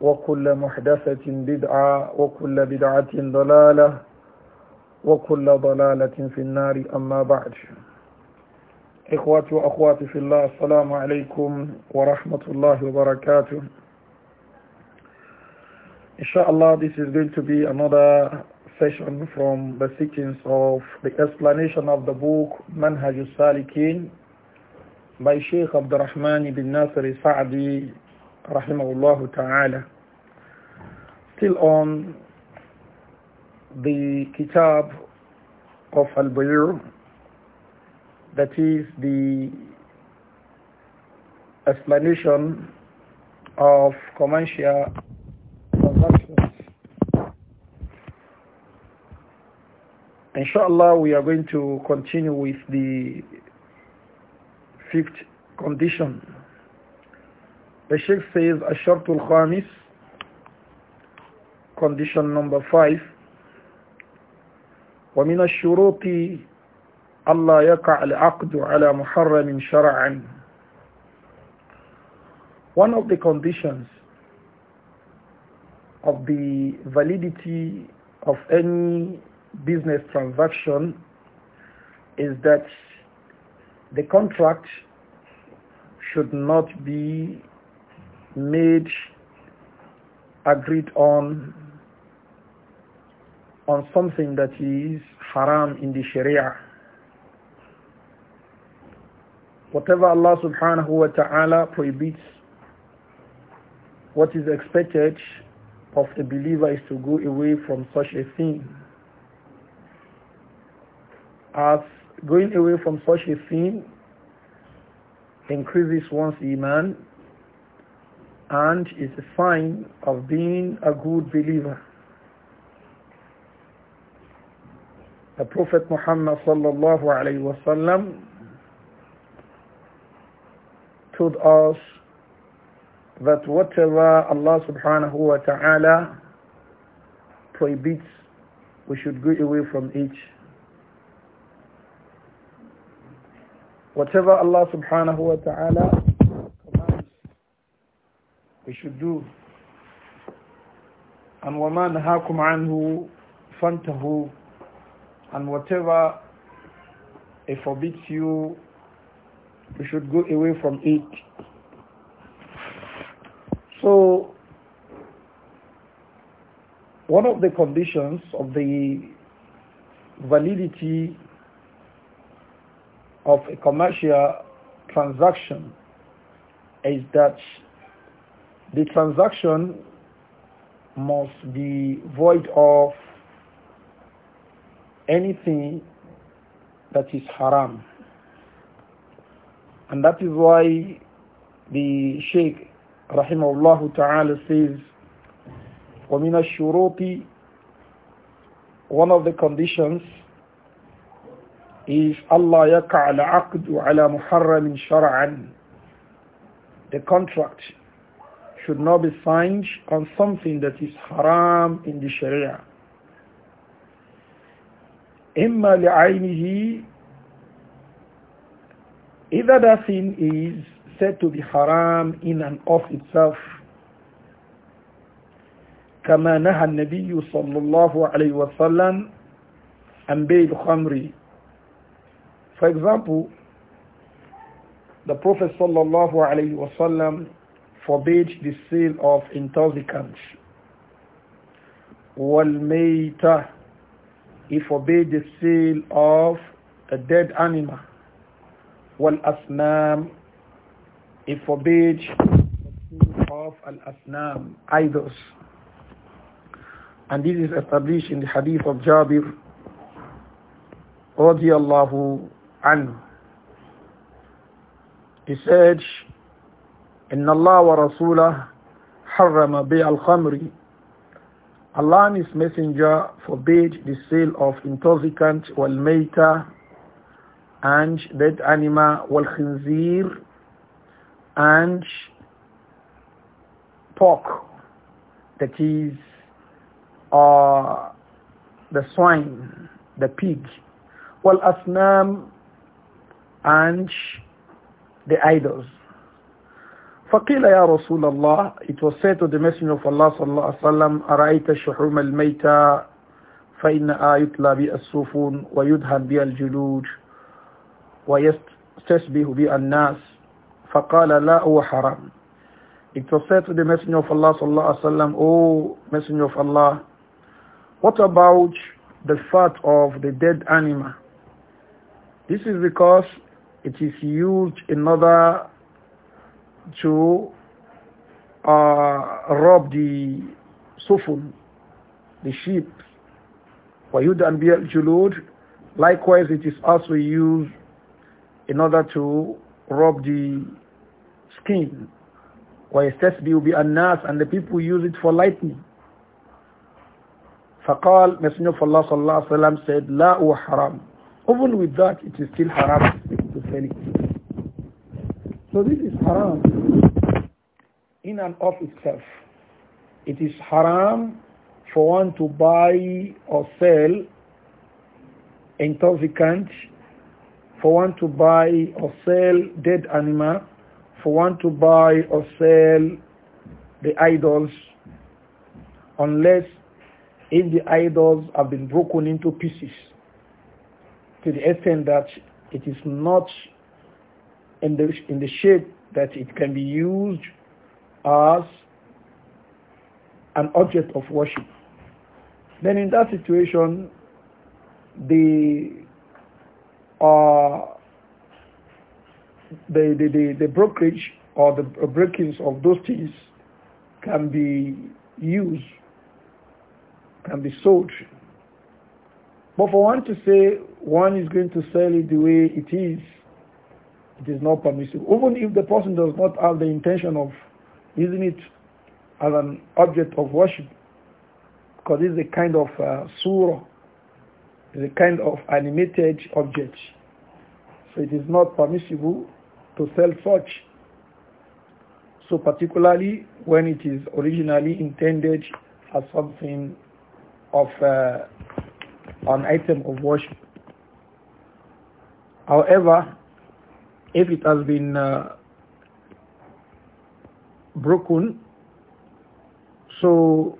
وكل محدثة بدعة وكل بدعة ضلالة وكل ضلالة في النار أما بعد إخواتي وأخواتي في الله السلام عليكم ورحمة الله وبركاته Inshallah, this is going to be another session from the sequence of the explanation of the book Manhaj al-Salikin by Sheikh Abdurrahman ibn Nasir Sa'di rahimahullah ta'ala. Still on the kitab of Al-Bayr, that is the explanation of commercial transactions. Inshallah, we are going to continue with the fifth condition the Sheikh says, Ashartul Khamis, condition number five, ومن الشروط ألا يقع العقد على محرم شرعا One of the conditions of the validity of any business transaction is that the contract should not be made agreed on on something that is haram in the sharia whatever Allah subhanahu wa ta'ala prohibits what is expected of the believer is to go away from such a thing as going away from such a thing increases one's iman and is a sign of being a good believer. The Prophet Muhammad sallallahu alaihi wasallam told us that whatever Allah subhanahu wa ta'ala prohibits, we should go away from it. Whatever Allah subhanahu wa ta'ala we should do. And وَمَا نَهَاكُمْ عَنْهُ فَانْتَهُ And whatever it forbids you, we should go away from it. So, one of the conditions of the validity of a commercial transaction is that the transaction must be void of anything that is haram. And that is why the Sheikh rahimahullah ta'ala says, وَمِنَ الشُّرُوطِ One of the conditions is Allah يَقَعَ الْعَقْدُ عَلَى مُحَرَّمٍ شَرَعًا The contract should not be signed on something that is haram in the Sharia. إما لعينه Either that thing is said to be haram in and of itself. كما نهى النبي صلى الله عليه وسلم عن بيع الخمر. For example, the Prophet صلى الله عليه وسلم forbid the sale of intoxicants. Walmeita, he forbid the sale of a dead animal. Walasnam, he forbid the sale of al-asnam, idols. And this is established in the hadith of Jabir radiallahu anhu. He said, إن الله ورسوله حرم بيع الخمر Allah and His Messenger forbade the sale of intoxicant والميتة and dead animal والخنزير and pork that is uh, the swine, the pig والأصنام and the idols فقيل يا رسول الله it was said to the messenger of Allah الله عليه أرأيت الشحوم الميتة فإن يتلى بها ويدهن بها الجلود ويستشبه فقال لا هو حرام It was said to the Messenger of Allah sallallahu alaihi wasallam, O Messenger of Allah, what about the fat of the dead animal? This is because it is used in other to uh, rob the sufun, the sheep. Wayud and Biel Julud. Likewise, it is also used in order to rob the skin. ويستسبي بالناس and the people use it for lightning. فقال Messenger of Allah said "La هو oh Even with that, it is still haram to sell it. So this is haram in and of itself. It is haram for one to buy or sell intoxicant, for one to buy or sell dead animal, for one to buy or sell the idols, unless if the idols have been broken into pieces to the extent that it is not in the, in the shape that it can be used as an object of worship. Then in that situation, the uh, the, the, the, the, brokerage or the breakings of those things can be used, can be sold. But for one to say one is going to sell it the way it is, it is not permissible. Even if the person does not have the intention of using it as an object of worship, because it's a kind of uh, surah, it's a kind of animated object. So it is not permissible to sell such. So particularly when it is originally intended as something of uh, an item of worship. However, if it has been uh, broken so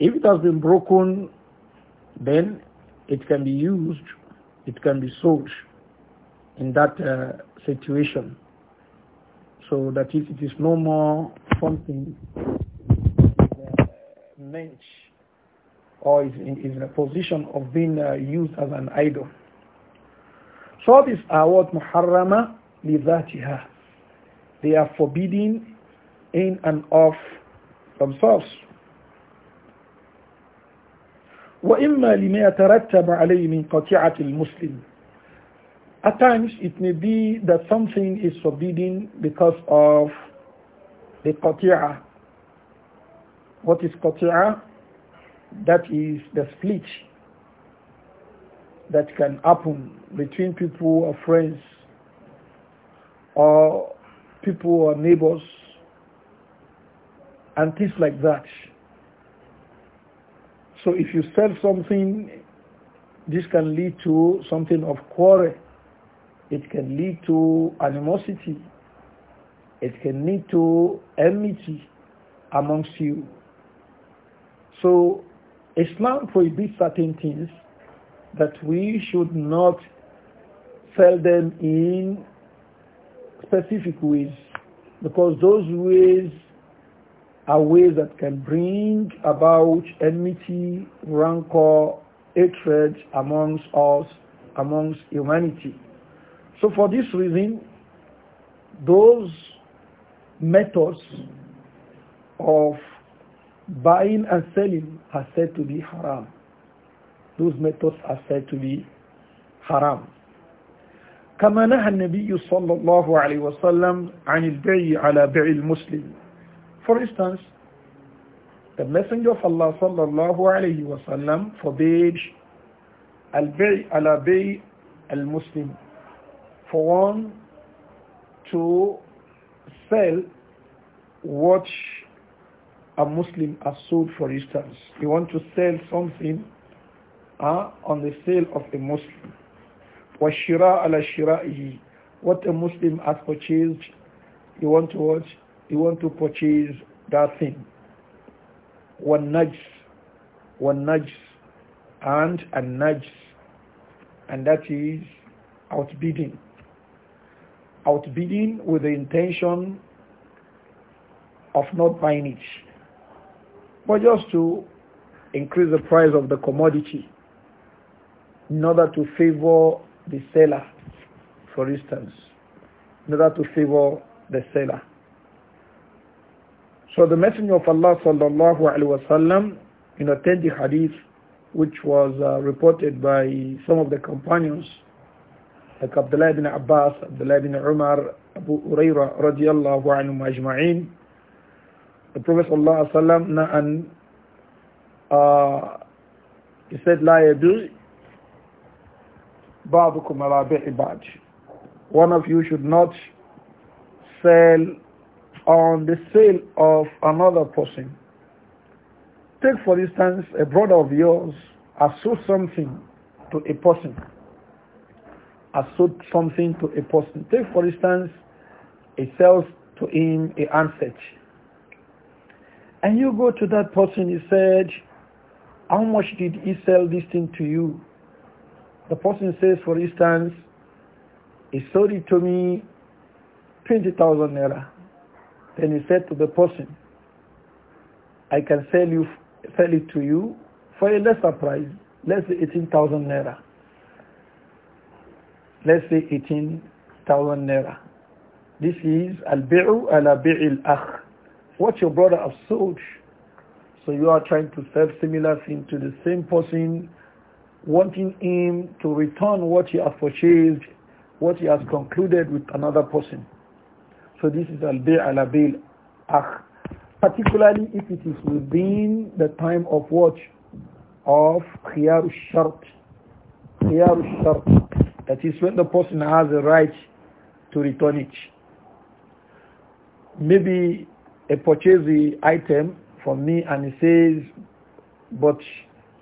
if it has been broken then it can be used it can be sold in that uh, situation so if it is no more something uh, meant or is in, is in a position of being uh, used as an idol these are what muharrama lidhatiha. They are forbidding in and of themselves. وإما لما يترتب عليه من قطيعة المسلم At times it may be that something is forbidden because of the qati'ah. What is qati'ah? That is the split that can happen between people or friends or people or neighbors and things like that. So if you sell something, this can lead to something of quarrel. It can lead to animosity. It can lead to enmity amongst you. So Islam prohibits certain things that we should not sell them in specific ways because those ways are ways that can bring about enmity, rancor, hatred amongst us, amongst humanity. So for this reason, those methods of buying and selling are said to be haram those methods are said to be haram. كما نهى النبي صلى الله عليه وسلم عن البيع على بيع المسلم. For instance, the Messenger of Allah صلى الله عليه وسلم forbade البيع على بيع المسلم for one to sell what a Muslim has sold, for instance. You want to sell something uh, on the sale of a Muslim. وَالشِّرَاءَ عَلَى شِرَائِهِ What a Muslim has purchased, you want to watch, you want to purchase that thing. One one وَالنَّجْسِ And a najs. And that is outbidding. Outbidding with the intention of not buying it, but just to increase the price of the commodity in order to favor the seller, for instance, in order to favor the seller. So the Messenger of Allah sallallahu alaihi wasallam in authentic hadith, which was uh, reported by some of the companions, like Abdullah ibn Abbas, Abdullah ibn Umar, Abu Uraira radiallahu anhum ajma'in, the Prophet sallallahu alaihi wasallam, uh, he said, لا يبيع بعضكم على بعض one of you should not sell on the sale of another person take for instance a brother of yours has sold something to a person has sold something to a person take for instance he sells to him a handset and you go to that person he said how much did he sell this thing to you the person says, for instance, he sold it to me 20,000 naira. Then he said to the person, I can sell you, sell it to you for a lesser price, let's say 18,000 naira. Let's say 18,000 naira. This is al-bi'u ala bi'il akh. What your brother has sold. So you are trying to sell similar thing to the same person wanting him to return what he has purchased, what he has concluded with another person. So this is al-bay' al-abil akh. Particularly if it is within the time of watch of khiyar shart khiyar shart that is when the person has a right to return it. Maybe a purchase the item from me and he says, but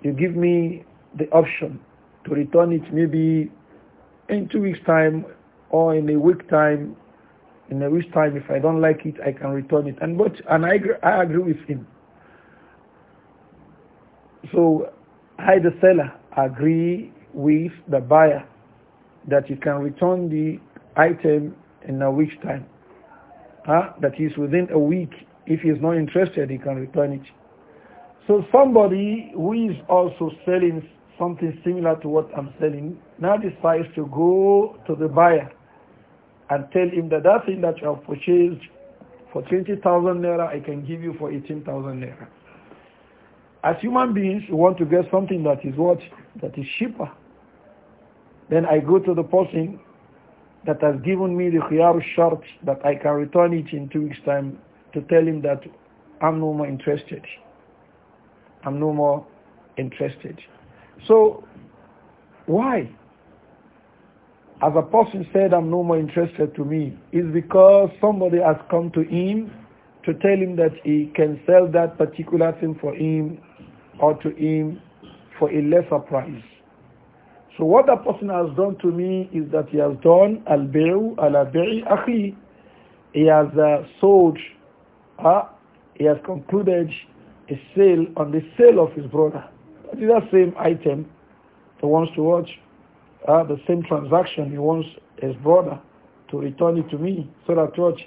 you give me the option to return it maybe in two weeks time or in a week time in a week's time if I don't like it I can return it and but and I agree, I agree with him so I the seller agree with the buyer that you can return the item in a week's time huh? that is within a week if he is not interested he can return it so somebody who is also selling something similar to what I'm selling. Now this buyer is to go to the buyer and tell him that that thing that you have purchased for 20,000 naira, I can give you for 18,000 naira. As human beings, we want to get something that is what? That is cheaper. Then I go to the person that has given me the khiyar shirt that I can return it in two weeks time to tell him that I'm no more interested. I'm no more interested. So, why? As a person said, I'm no more interested to me, is because somebody has come to him to tell him that he can sell that particular thing for him or to him for a lesser price. So what that person has done to me is that he has done al-bi'u ala akhi. He has uh, sold, uh, he has concluded a sale on the sale of his brother. It is that same item he wants to watch, uh, the same transaction he wants his brother to return it to me so that watch,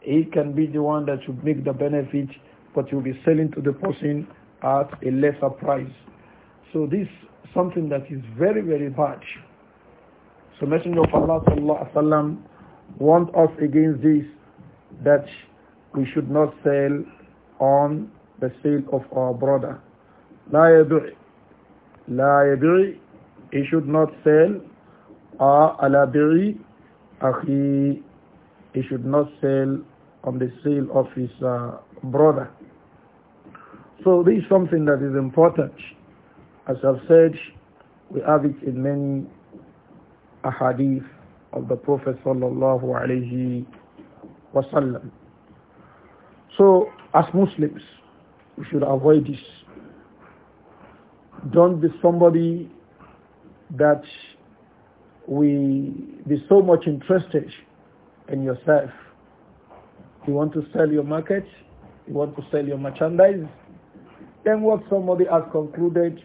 he can be the one that should make the benefit but you'll be selling to the person at a lesser price. So this something that is very, very bad. So Messenger of Allah sallallahu warned us against this that we should not sell on the sale of our brother. لا La yabi, he should not sell. Ala biri akhi, he should not sell on the sale of his uh, brother. So this is something that is important. As I've said, we have it in many ahadith of the Prophet sallallahu alaihi wasallam. So as Muslims, we should avoid this. Don't be somebody that we be so much interested in yourself. You want to sell your market, you want to sell your merchandise, then what somebody has concluded,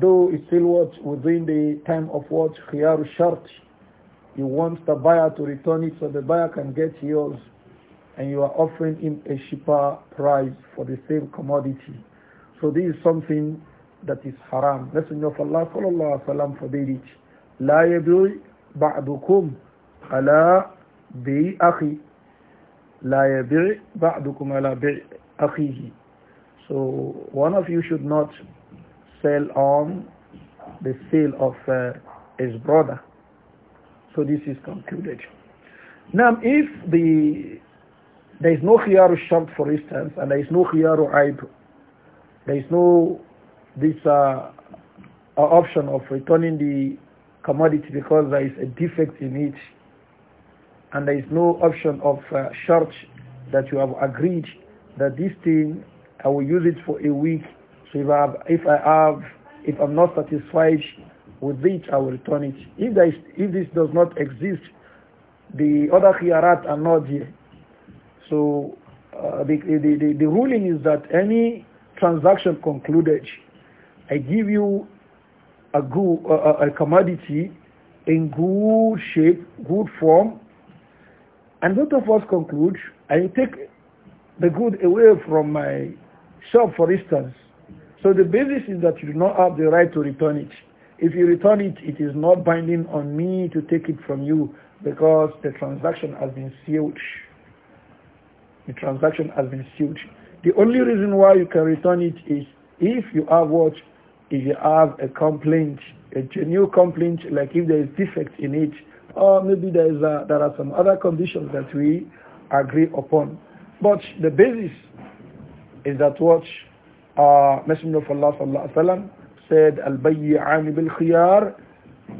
though it's still what within the time of what khiyar shart, you want the buyer to return it so the buyer can get yours and you are offering him a cheaper price for the same commodity. So this is something that is haram. Messenger of Allah sallallahu alaihi wasallam forbade it. لا يبغي بعضكم على بيع أخي لا يبيع بعضكم على بيع أخيه So one of you should not sell on the sale of uh, his brother. So this is concluded. Now if the there is no khiyaru shart for instance and there is no khiyaru aib, there is no this uh, uh, option of returning the commodity because there is a defect in it and there is no option of uh, short that you have agreed that this thing I will use it for a week so if I have if I have if I'm not satisfied with it I will return it if there is if this does not exist the other khiyarat are not here so uh, the, the, the, the ruling is that any transaction concluded I give you a, good, uh, a commodity in good shape, good form, and lot of us conclude, I take the good away from my shop, for instance. So the basis is that you do not have the right to return it. If you return it, it is not binding on me to take it from you because the transaction has been sealed. The transaction has been sealed. The only reason why you can return it is if you have what if you have a complaint, a genuine complaint, like if there is defect in it, or maybe there, is a, there are some other conditions that we agree upon. But the basis is that what uh, Messenger of Allah sallallahu said, "Al-bayyi'ani bil-khiyar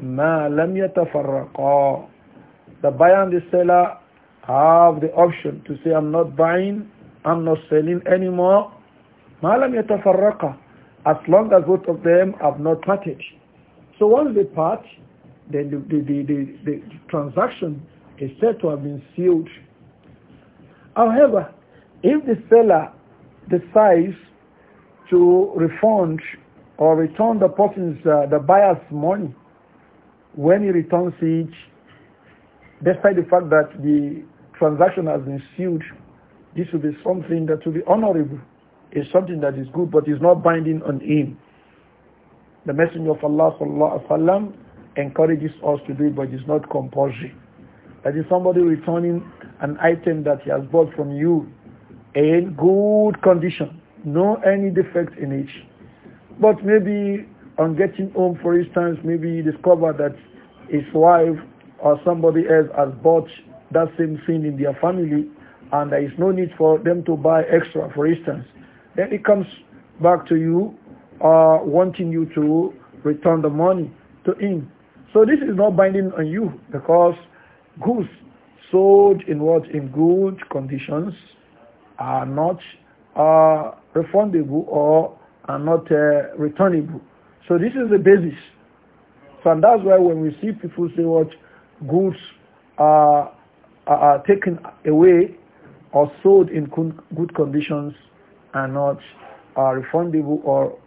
ma lam yatafarraqa." The buyer and the seller have the option to say, "I'm not buying, I'm not selling anymore." Ma lam yatafarraqa as long as both of them have not parted. So once they part, then the, the, the, the, transaction is said to have been sealed. However, if the seller decides to refund or return the person's, uh, the buyer's money when he returns it, despite the fact that the transaction has been sealed, this will be something that will be honorable is something that is good but is not binding on him. The Messenger of Allah sallallahu encourages us to do it but it's not compulsory. That is somebody returning an item that he has bought from you in good condition, no any defect in it. But maybe on getting home, for instance, maybe he discovered that his wife or somebody else has bought that same thing in their family and there is no need for them to buy extra, for instance then it comes back to you uh, wanting you to return the money to him. So this is not binding on you because goods sold in what in good conditions are not uh, refundable or are not uh, returnable. So this is the basis. So and that's why when we see people say what goods are, are taken away or sold in good conditions, are not uh, refundable or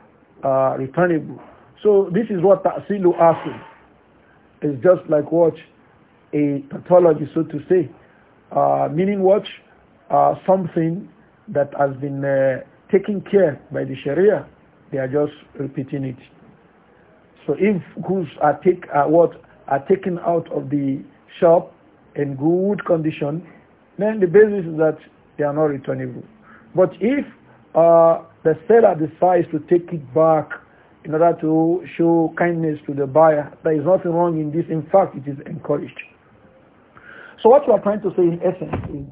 uh, returnable. So this is what ta'silu asil It's just like what a pathology, so to say, uh, meaning what uh, something that has been uh, taken care by the Sharia, they are just repeating it. So if goods are take what are taken out of the shop in good condition, then the basis is that they are not returnable. But if uh, the seller decides to take it back in order to show kindness to the buyer. There is nothing wrong in this. In fact, it is encouraged. So what we are trying to say in essence is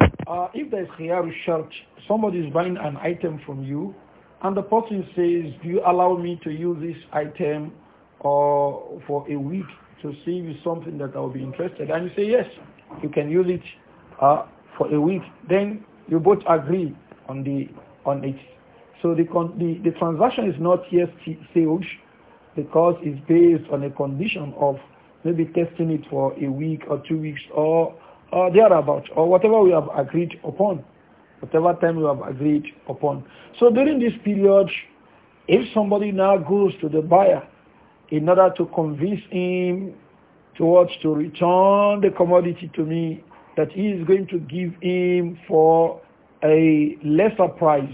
that uh, if there is khiyar shart, somebody is buying an item from you, and the person says, do you allow me to use this item uh, for a week to see you something that I will be interested? And you say, yes, you can use it uh, for a week. Then you both agree on the on it. So the, the, the transaction is not yet sealed because it's based on a condition of maybe testing it for a week or two weeks or, or thereabout or whatever we have agreed upon, whatever time we have agreed upon. So during this period, if somebody now goes to the buyer in order to convince him towards to return the commodity to me that he is going to give him for a lesser price.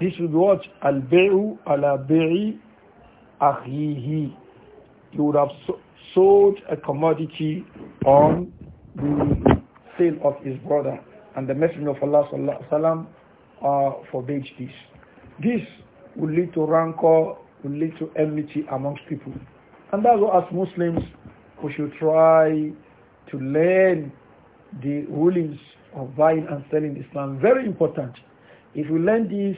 This would what? Al-bi'u ala bi'i akhihi. You would have sold a commodity on the sale of his brother. And the Messenger of Allah sallallahu alaihi wasallam uh, forbade this. This lead to rancor, would lead to enmity amongst people. And that's what as Muslims, we should try to learn the rulings of buying and selling Islam. Very important. If we learn this,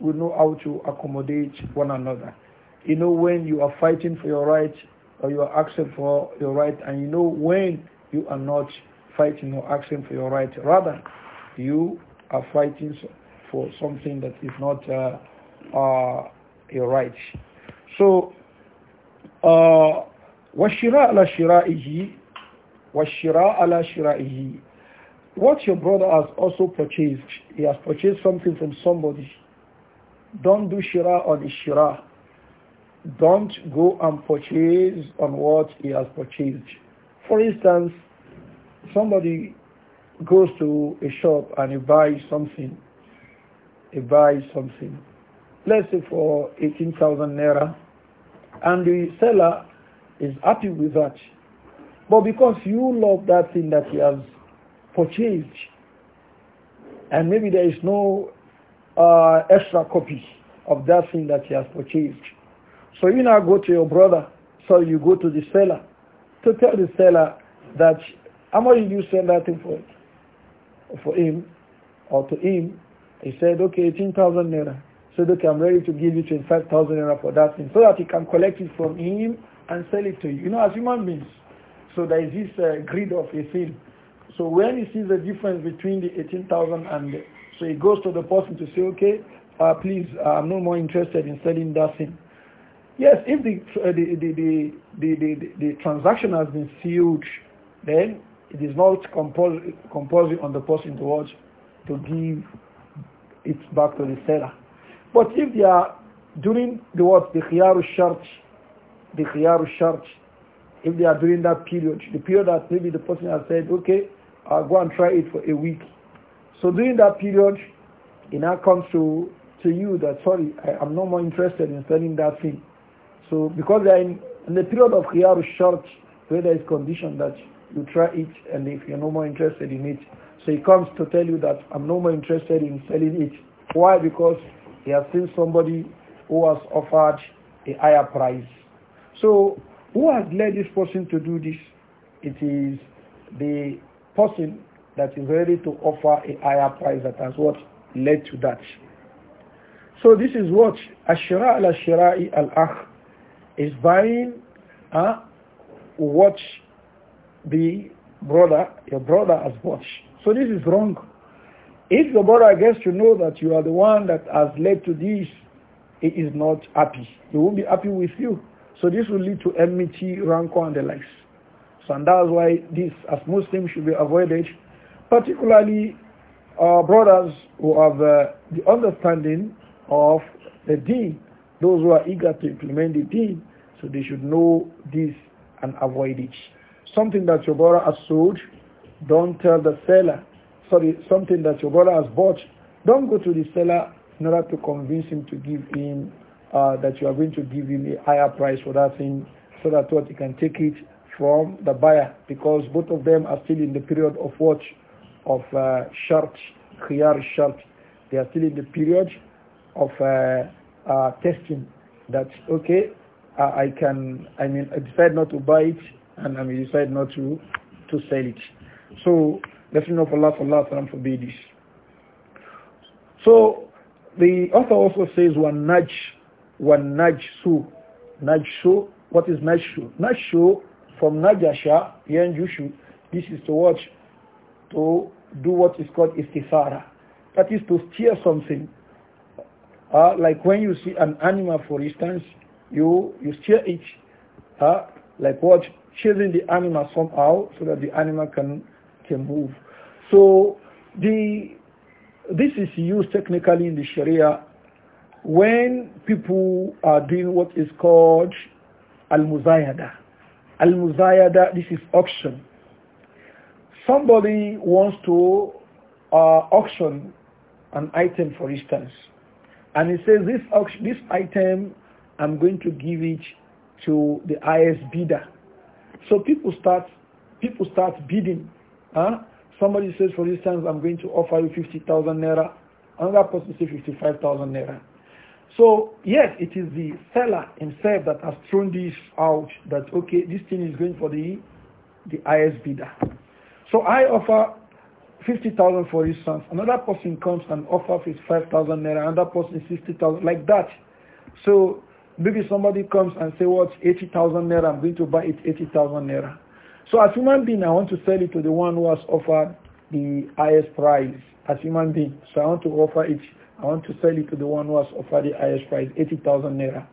we know how to accommodate one another. You know when you are fighting for your right or you are asking for your right, and you know when you are not fighting or asking for your right. Rather, you are fighting for something that is not uh, uh, your right. So, uh, وَالشِّرَاءَ عَلَى شِرَائِهِ وَالشِّرَاءَ عَلَى شِرَائِهِ what your brother has also purchased, he has purchased something from somebody. Don't do shira on his shira. Don't go and purchase on what he has purchased. For instance, somebody goes to a shop and he buys something. He buys something. Let's say for 18,000 naira. And the seller is happy with that. But because you love that thing that he has purchased and maybe there is no uh, extra copy of that thing that he has purchased. So you now go to your brother, so you go to the seller to tell the seller that how much did you sell that thing for For him or to him, he said, okay, 18,000 naira. So okay, I'm ready to give you 25,000 naira for that thing so that he can collect it from him and sell it to you. You know, as human beings, so there is this uh, greed of a thing so when he sees the difference between the 18,000 and the, so he goes to the person to say, okay, uh, please, uh, I'm no more interested in selling that thing. Yes, if the, uh, the, the, the, the, the, the, transaction has been sealed, then it is not compulsory compulsory on the person to watch to give it back to the seller. But if they are during the what the khiyaru shart, the khiyaru shart, if they are during that period, the period that maybe the person has said, okay, I'll go and try it for a week. So during that period, it now comes to, to you that, sorry, I, am no more interested in selling that thing. So because in, in the period of khiyar short, where there is condition that you try it and if you're no more interested in it, so he comes to tell you that I'm no more interested in selling it. Why? Because he has seen somebody who has offered a higher price. So who has led this person to do this? It is the person that is ready to offer a higher price that has what led to that. So this is what Ashira al Ashira'i al Akh is buying uh, what the brother, your brother has bought. So this is wrong. If your brother gets to know that you are the one that has led to this, he is not happy. He won't be happy with you. So this will lead to enmity, rancor, and the likes and that's why this, as Muslims, should be avoided, particularly our brothers who have uh, the understanding of the deen, those who are eager to implement the deen, so they should know this and avoid it. Something that your brother has sold, don't tell the seller. Sorry, something that your brother has bought, don't go to the seller in order to convince him to give him uh, that you are going to give him a higher price for that thing so that what he can take it from the buyer because both of them are still in the period of watch of uh, short, khiyar shart. They are still in the period of uh, uh, testing that, okay, uh, I can, I mean, I decide not to buy it and I mean, decide not to, to sell it. So, definitely for Allah, Allah forbid this. So, the author also says, one nudge, one nudge su, nudge su. What is nudge su? Nudge su from Najasha, Yanjushu, this is to watch, to do what is called istifara. That is to steer something. Uh, like when you see an animal, for instance, you, you steer it, uh, like what, chasing the animal somehow so that the animal can, can move. So the, this is used technically in the Sharia when people are doing what is called al-muzayada Al-Muzayada, this is auction. Somebody wants to uh, auction an item, for instance, and he says, this, auction, this item, I'm going to give it to the highest bidder. So people start, people start bidding. Huh? Somebody says, for instance, I'm going to offer you 50,000 naira. Another person says 55,000 naira. So yes, it is the seller himself that has thrown this out that okay, this thing is going for the the highest bidder. So I offer fifty thousand for instance. Another person comes and offers five thousand naira. Another person sixty thousand, like that. So maybe somebody comes and say, "What eighty thousand naira? I'm going to buy it eighty thousand naira." So as human being, I want to sell it to the one who has offered the highest price as human being. So I want to offer it I want to sell it to the one who has offered the highest price, 80,000 naira.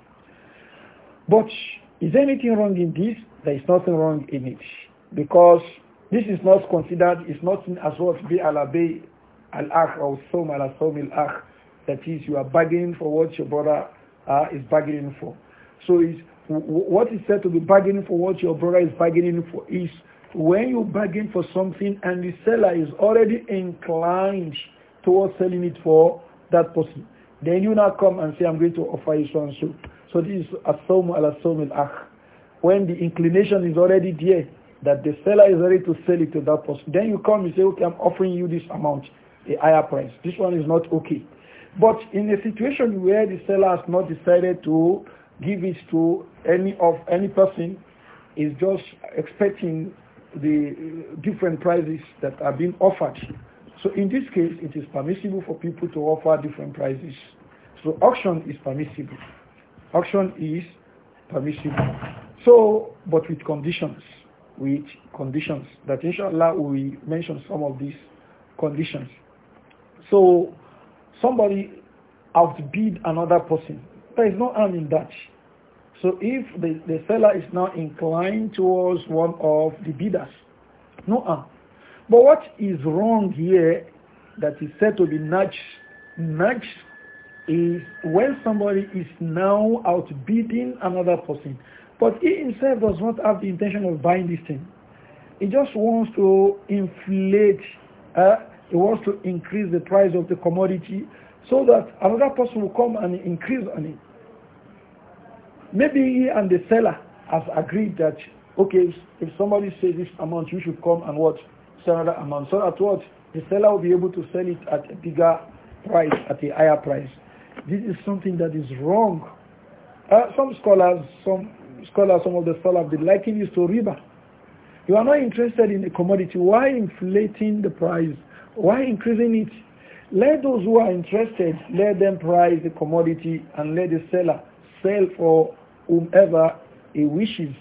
But is anything wrong in this? There is nothing wrong in it. Because this is not considered, it's not as what be alabay al-akh or som al-som al-akh. That is, you are bargaining for what your brother uh, is bargaining for. So what is said to be bargaining for what your brother is bargaining for is when you bargain for something and the seller is already inclined towards selling it for that person. Then you now come and say, I'm going to offer you so and so. So this is a ala sawmil akh. When the inclination is already there, that the seller is ready to sell it to that person. Then you come, you say, okay, I'm offering you this amount, a higher price. This one is not okay. But in a situation where the seller has not decided to give it to any of any person, is just expecting the different prices that are being offered so in this case, it is permissible for people to offer different prices. So auction is permissible. Auction is permissible. So, but with conditions, with conditions that inshallah we mention some of these conditions. So somebody outbid another person. There is no harm in that. So if the, the seller is now inclined towards one of the bidders, no harm. But what is wrong here that is said to be nudge, nudge is when somebody is now outbidding another person. But he himself does not have the intention of buying this thing. He just wants to inflate, uh, he wants to increase the price of the commodity so that another person will come and increase on it. Maybe he and the seller have agreed that, okay, if somebody says this amount, you should come and what? So at what? The seller will be able to sell it at a bigger price, at a higher price. This is something that is wrong. Uh, some scholars, some scholars, some of the scholars, they liken this to riba. You are not interested in the commodity. Why inflating the price? Why increasing it? Let those who are interested, let them price the commodity and let the seller sell for whomever he wishes.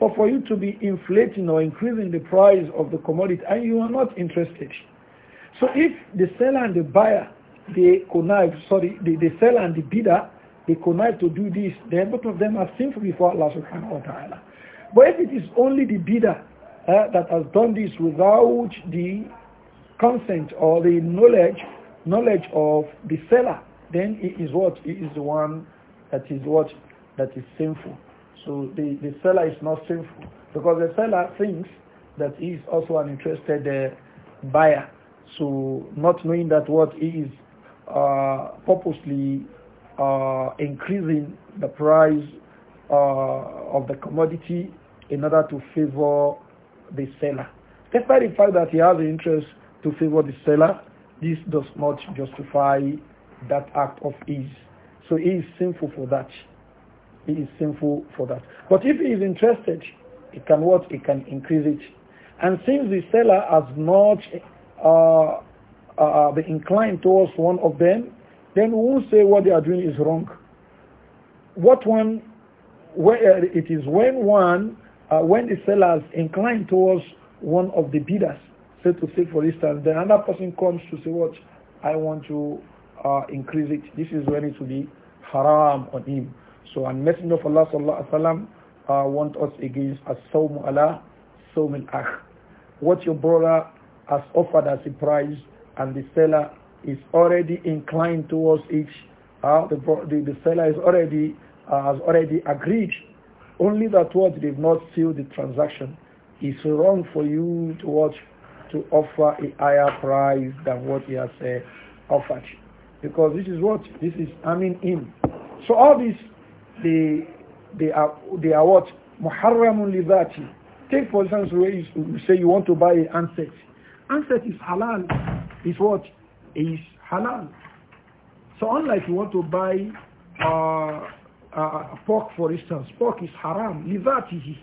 Or for you to be inflating or increasing the price of the commodity and you are not interested. So if the seller and the buyer, they connive, sorry, the, the seller and the bidder, they connive to do this, then both of them are sinful before Allah subhanahu wa ta'ala. But if it is only the bidder uh, that has done this without the consent or the knowledge knowledge of the seller, then it is what? It is the one that is what? That is sinful. So the, the seller is not sinful because the seller thinks that he is also an interested uh, buyer. So not knowing that what he is uh, purposely uh, increasing the price uh, of the commodity in order to favor the seller. Despite the fact that he has an interest to favor the seller, this does not justify that act of his. So he is sinful for that he is sinful for that. But if he is interested, he can what? He can increase it. And since the seller has not uh, uh, the inclined towards one of them, then we won't say what they are doing is wrong. What one, where uh, it is when one, uh, when the seller is inclined towards one of the bidders, say to say for instance, then another person comes to say what, I want to uh, increase it. This is when it will be haram on him. So, and Messenger of Allah sallallahu alaihi wasallam uh, us against as-sawmu ala sawmil akh. What your brother has offered as a price and the seller is already inclined towards it, uh, the, the, the seller is already uh, has already agreed. Only that what they've not sealed the transaction. It's wrong for you to watch to offer a higher price than what he has uh, offered. Because this is what? This is I mean, him. So all these they they are they are what muharramun lidati. Take for instance where you say you want to buy an ancet. Ancet is halal. Is what is halal. So unlike you want to buy uh, uh, pork for instance, pork is haram lidatihi.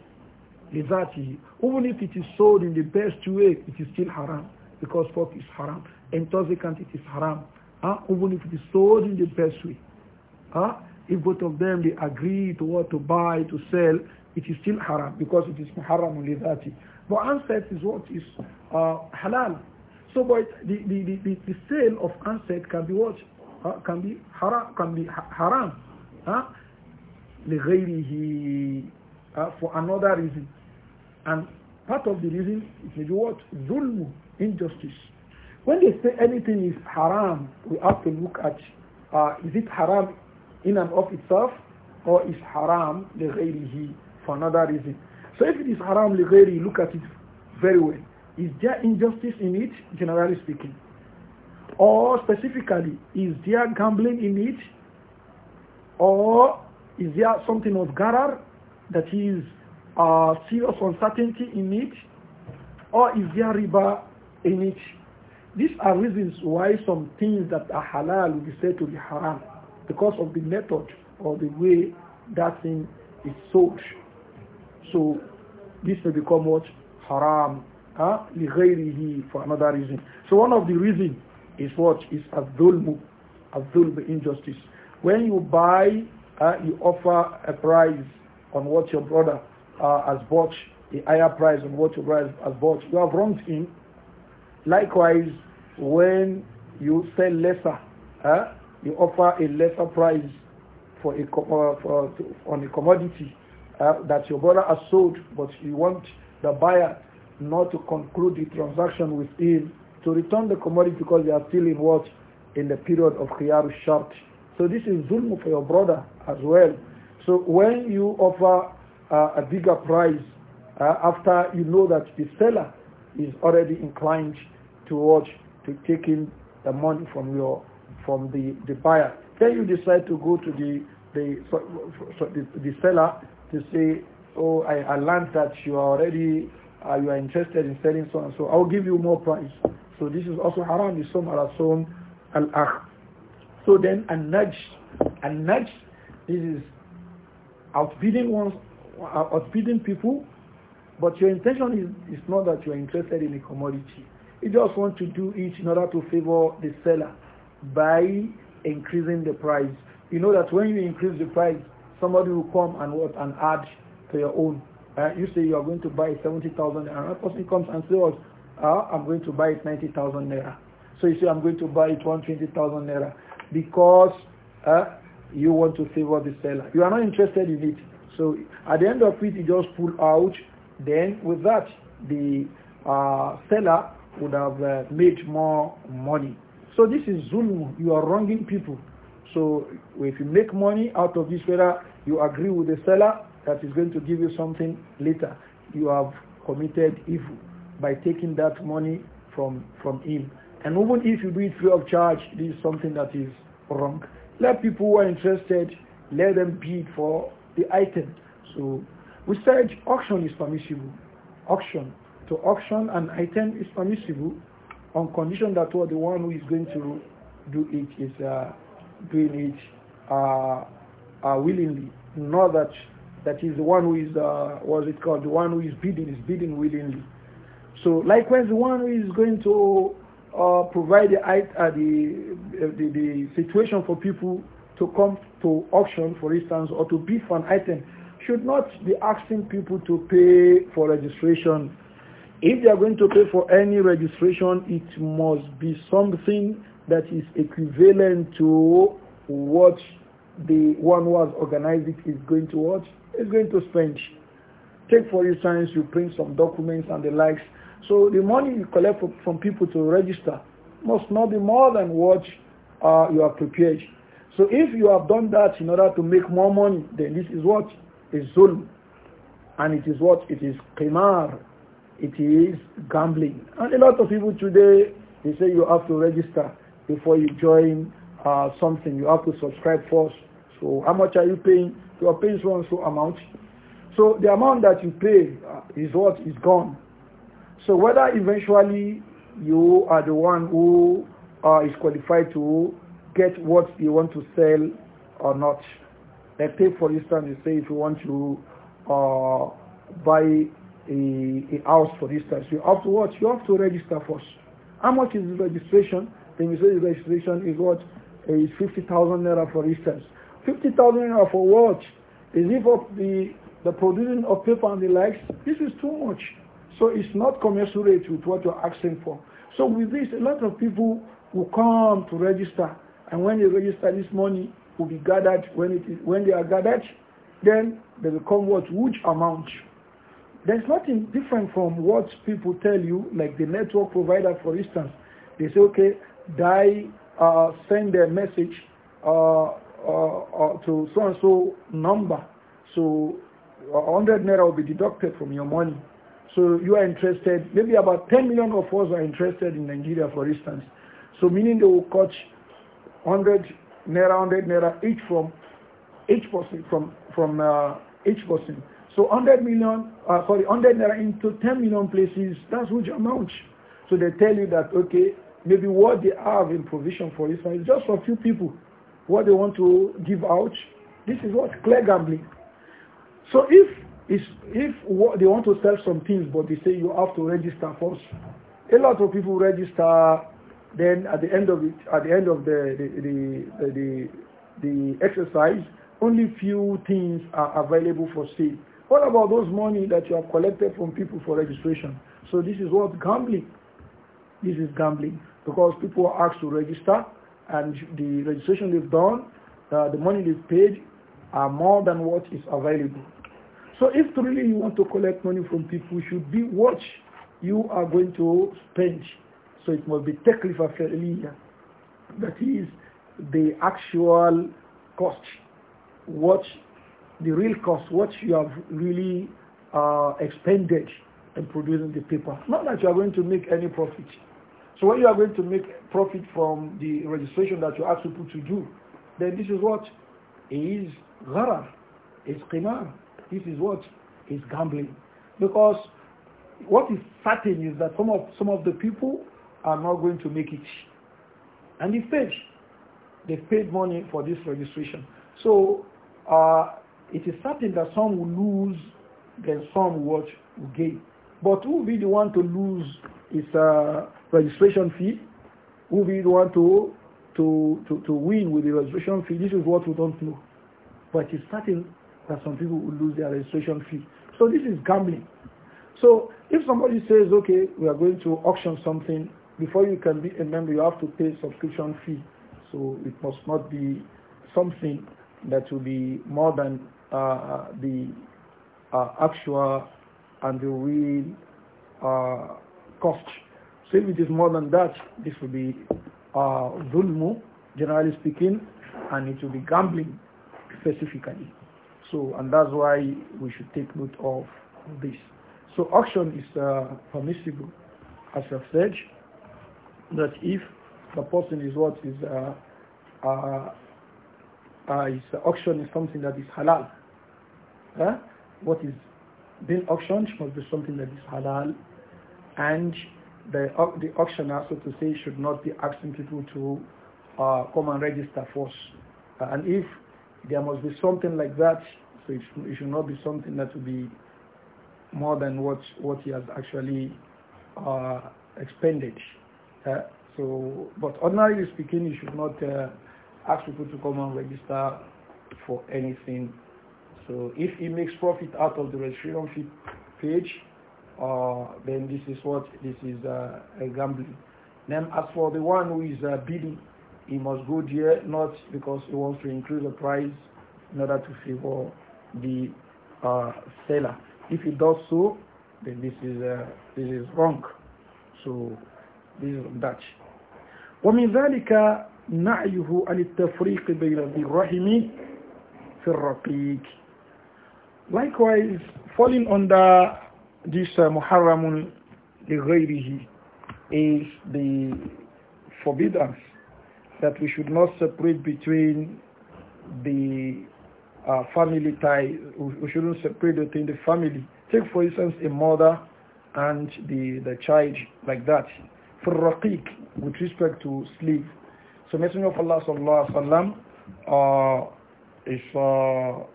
Lidatihi. Even if it is sold in the best way, it is still haram because pork is haram. Intoxicant it is haram. Huh? Even if it is sold in the best way. Huh? if both of them they agree to what to buy, to sell, it is still haram because it is muharram lidhati. But ancest is what is uh, halal. So but the, the, the, the, sale of ancest can be what? Uh, can be haram. Can be haram. Huh? Uh, for another reason. And part of the reason is may what? Zulm, injustice. When they say anything is haram, we have to look at uh, is it haram in and of itself or is haram لغيره for another reason. So if it is haram لغيره, look at it very well. Is there injustice in it, generally speaking? Or specifically, is there gambling in it? Or is there something of garar that is uh, serious uncertainty in it? Or is there riba in it? These are reasons why some things that are halal will be said to be haram because of the method or the way that thing is sold. So this may become what? Haram. Huh? For another reason. So one of the reason is what? Is adulmu. Adulmu injustice. When you buy, uh, you offer a price on what your brother uh, has bought, a higher price on what your brother has bought. You have wronged him. Likewise, when you sell lesser, uh, you offer a lesser price for a, uh, for, on a commodity uh, that your brother has sold, but you want the buyer not to conclude the transaction with him to return the commodity because they are still in what? In the period of khiyar shart. So this is zulm for your brother as well. So when you offer uh, a bigger price uh, after you know that the seller is already inclined towards to taking the money from your from the, the buyer. Then you decide to go to the the, so, so the, the seller to say, oh, I, I learned that you are already uh, you are interested in selling so and so. I'll give you more price. So this is also haram. The som alasom al akh. So then a nudge, a nudge. This is outbidding ones, uh, outbidding people. But your intention is, is not that you are interested in a commodity. You just want to do it in order to favor the seller by increasing the price. You know that when you increase the price, somebody will come and what and add to your own. Uh, you say you are going to buy 70,000 and a person comes and says, oh, uh, I'm going to buy it 90,000 naira. So you say, I'm going to buy it 120,000 naira because uh, you want to favor the seller. You are not interested in it. So at the end of it, you just pull out. Then with that, the uh, seller would have uh, made more money. So this is zulm. You are wronging people. So if you make money out of this, whether you agree with the seller that is going to give you something later, you have committed evil by taking that money from, from him. And even if you do it free of charge, this is something that is wrong. Let people who are interested, let them bid for the item. So we said auction is permissible. Auction. To auction an item is permissible on condition that the one who is going to do it is uh, doing it uh, uh, willingly, not that that is the one who is uh, what is it called? The one who is bidding is bidding willingly. So likewise, the one who is going to uh, provide the, uh, the, uh, the, the situation for people to come to auction, for instance, or to bid for an item, should not be asking people to pay for registration if they are going to pay for any registration, it must be something that is equivalent to what the one who has organized it is going to what is going to spend. Take for instance, you print some documents and the likes. So the money you collect from people to register must not be more than what uh, you have prepared. So if you have done that in order to make more money, then this is what is zulm. And it is what? It is qimar it is gambling. And a lot of people today, they say you have to register before you join uh, something. You have to subscribe first. So how much are you paying? You are paying so and so amount. So the amount that you pay uh, is what is gone. So whether eventually you are the one who uh, is qualified to get what you want to sell or not. Let's take for instance, you say if you want to uh, buy a, a house, for instance, you have to what? You have to register first. How much is the registration? Then you say the registration is what? Uh, is 50,000 naira, for instance. 50,000 naira for what? Is it for the, the producing of paper and the likes? This is too much. So it's not commensurate with what you're asking for. So with this, a lot of people will come to register. And when they register, this money will be gathered. When, it is, when they are gathered, then they will come what? Which amount? There's nothing different from what people tell you, like the network provider, for instance. They say, okay, they uh, send a message uh, uh, uh, to so-and-so number. So 100 naira will be deducted from your money. So you are interested, maybe about 10 million of us are interested in Nigeria, for instance. So meaning they will cut 100 naira, 100 naira each from each person, from, from uh, each person. So 100 million, uh, sorry, 100 naira into 10 million places, that's huge amount. So they tell you that, okay, maybe what they have in provision for this one is just for a few people. What they want to give out, this is what? Clear gambling. So if it's, if they want to sell some things, but they say you have to register first, a lot of people register. Then at the end of it, at the end of the the the, the, the, the exercise, only few things are available for sale. What about those money that you have collected from people for registration? So this is what gambling. This is gambling because people are asked to register and the registration they've done, uh, the money they've paid are more than what is available. So if really you want to collect money from people, you should be what you are going to spend. So it must be taklifa fa'liya. That is the actual cost. What the real cost, what you have really uh, expended in producing the paper. Not that you are going to make any profit. So when you are going to make profit from the registration that you ask people to do, then this is what is gharar, is qimar. This is what is gambling. Because what is certain is that some of, some of the people are not going to make it. And they paid. They paid money for this registration. So uh, it is certain that some will lose, then some will, will gain. But who will be the one to lose his uh, registration fee? Who will be the one to, to, to, to win with the registration fee? This is what we don't know. But it's certain that some people will lose their registration fee. So this is gambling. So if somebody says, okay, we are going to auction something, before you can be a member, you have to pay subscription fee. So it must not be something that will be more than uh, the uh, actual and the real uh, cost. So if it is more than that, this will be zulmu, generally speaking, and it will be gambling specifically. So, and that's why we should take note of this. So auction is uh, permissible, as I've said, that if the person is what is, uh, uh, is auction is something that is halal. Huh? What is being auctioned must be something that is halal and the, the auctioner, so to say, should not be asking people to uh, come and register for us. Uh, and if there must be something like that, so it should, it should, not be something that will be more than what, what he has actually uh, expended. Uh, so, but ordinarily speaking, you should not uh, ask people to come and register for anything so if he makes profit out of the registration fee page, uh, then this is what this is uh, gambling. Then as for the one who is uh, bidding, he must go there not because he wants to increase the price in order to favor the uh, seller. If he does so, then this is uh, this is wrong. So this is that. ومن ذلك نعيه عن التفريق بين الرحم في الرقيق Likewise, falling under this uh, Muharramun لغيره is the forbiddance that we should not separate between the uh, family ties. We shouldn't separate between the family. Take for instance a mother and the, the child like that. For raqiq, with respect to sleep. So Messenger of Allah sallallahu alaihi wasallam uh, is uh,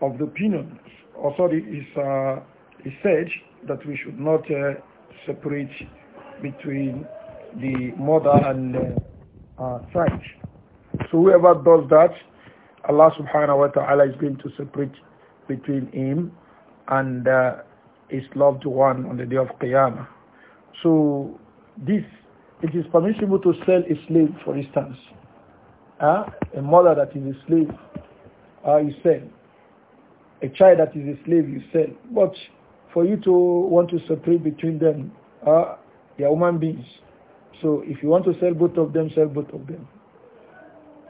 of the opinion, or sorry, is, uh, is said that we should not uh, separate between the mother and uh, child. So whoever does that, Allah subhanahu wa ta'ala is going to separate between him and uh, his loved one on the day of Qiyamah. So this, it is permissible to sell a slave, for instance. Uh, a mother that is a slave, uh, you sell a child that is a slave you sell. But for you to want to separate between them, uh, they are human beings. So if you want to sell both of them, sell both of them.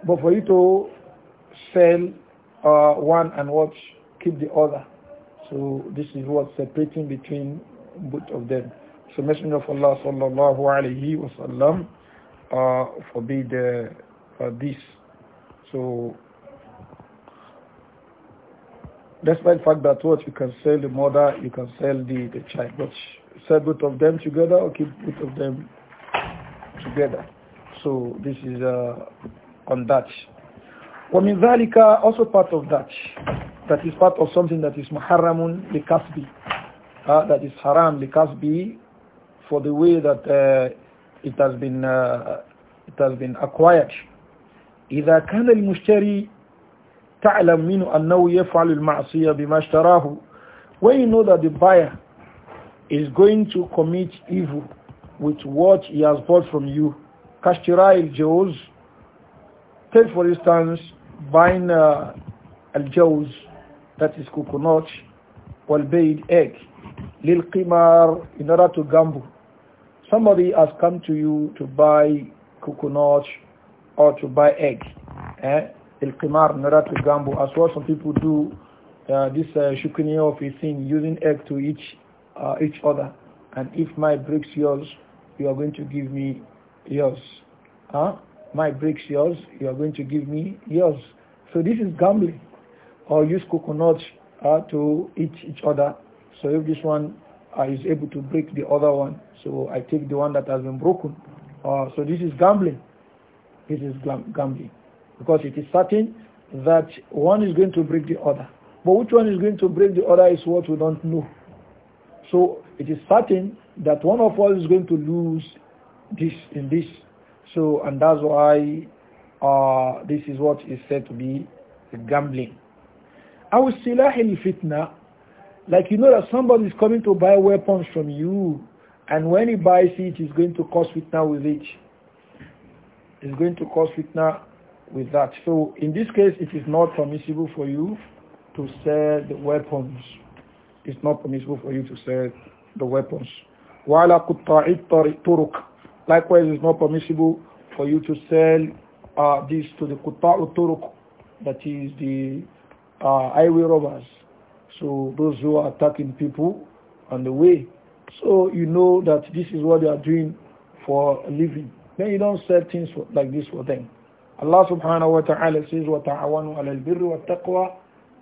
But for you to sell uh, one and watch, keep the other. So this is what separating between both of them. So Messenger of Allah sallallahu alayhi wa sallam uh, forbid uh, this. So despite the fact that what you can sell the mother, you can sell the, the child, but sell both of them together or keep both of them together. So this is uh, on that. ومن ذلك also part of that that is part of something that is muharramun likasbi uh, that is haram likasbi for the way that uh, it has been uh, it has been acquired إذا كان المشتري تعلم منه أنه يفعل المعصية بما اشتراه when you know that the buyer is going to commit evil with what he has bought from you كاشتراء الجوز take for instance buying uh, الجوز that is coconut والبيض egg للقمار in order to gamble somebody has come to you to buy coconut or to buy egg eh? Ilqimar in order to gamble, as well some people do uh, this uh, shukuni of a thing, using egg to each, uh, each other. And if my breaks yours, you are going to give me yours. Huh? My breaks yours, you are going to give me yours. So this is gambling. Or use coconuts uh, to eat each other. So if this one uh, is able to break the other one, so I take the one that has been broken. Uh, so this is gambling. This is gambling. Because it is certain that one is going to break the other. But which one is going to break the other is what we don't know. So it is certain that one of us is going to lose this in this. So and that's why uh, this is what is said to be gambling. Our silah fitna, like you know that somebody is coming to buy weapons from you, and when he buys it, he's going to cause fitna with it. He's going to cause fitna with that. So in this case, it is not permissible for you to sell the weapons. It's not permissible for you to sell the weapons. Likewise, it's not permissible for you to sell uh, this to the قُطَّعُ الطُّرُقِ that is the uh, highway robbers. So those who are attacking people on the way. So you know that this is what they are doing for a living. Then you don't sell things like this for them. Allah subhanahu wa ta'ala says, وَتَعَوَنُوا عَلَى الْبِرِّ وَالتَّقْوَى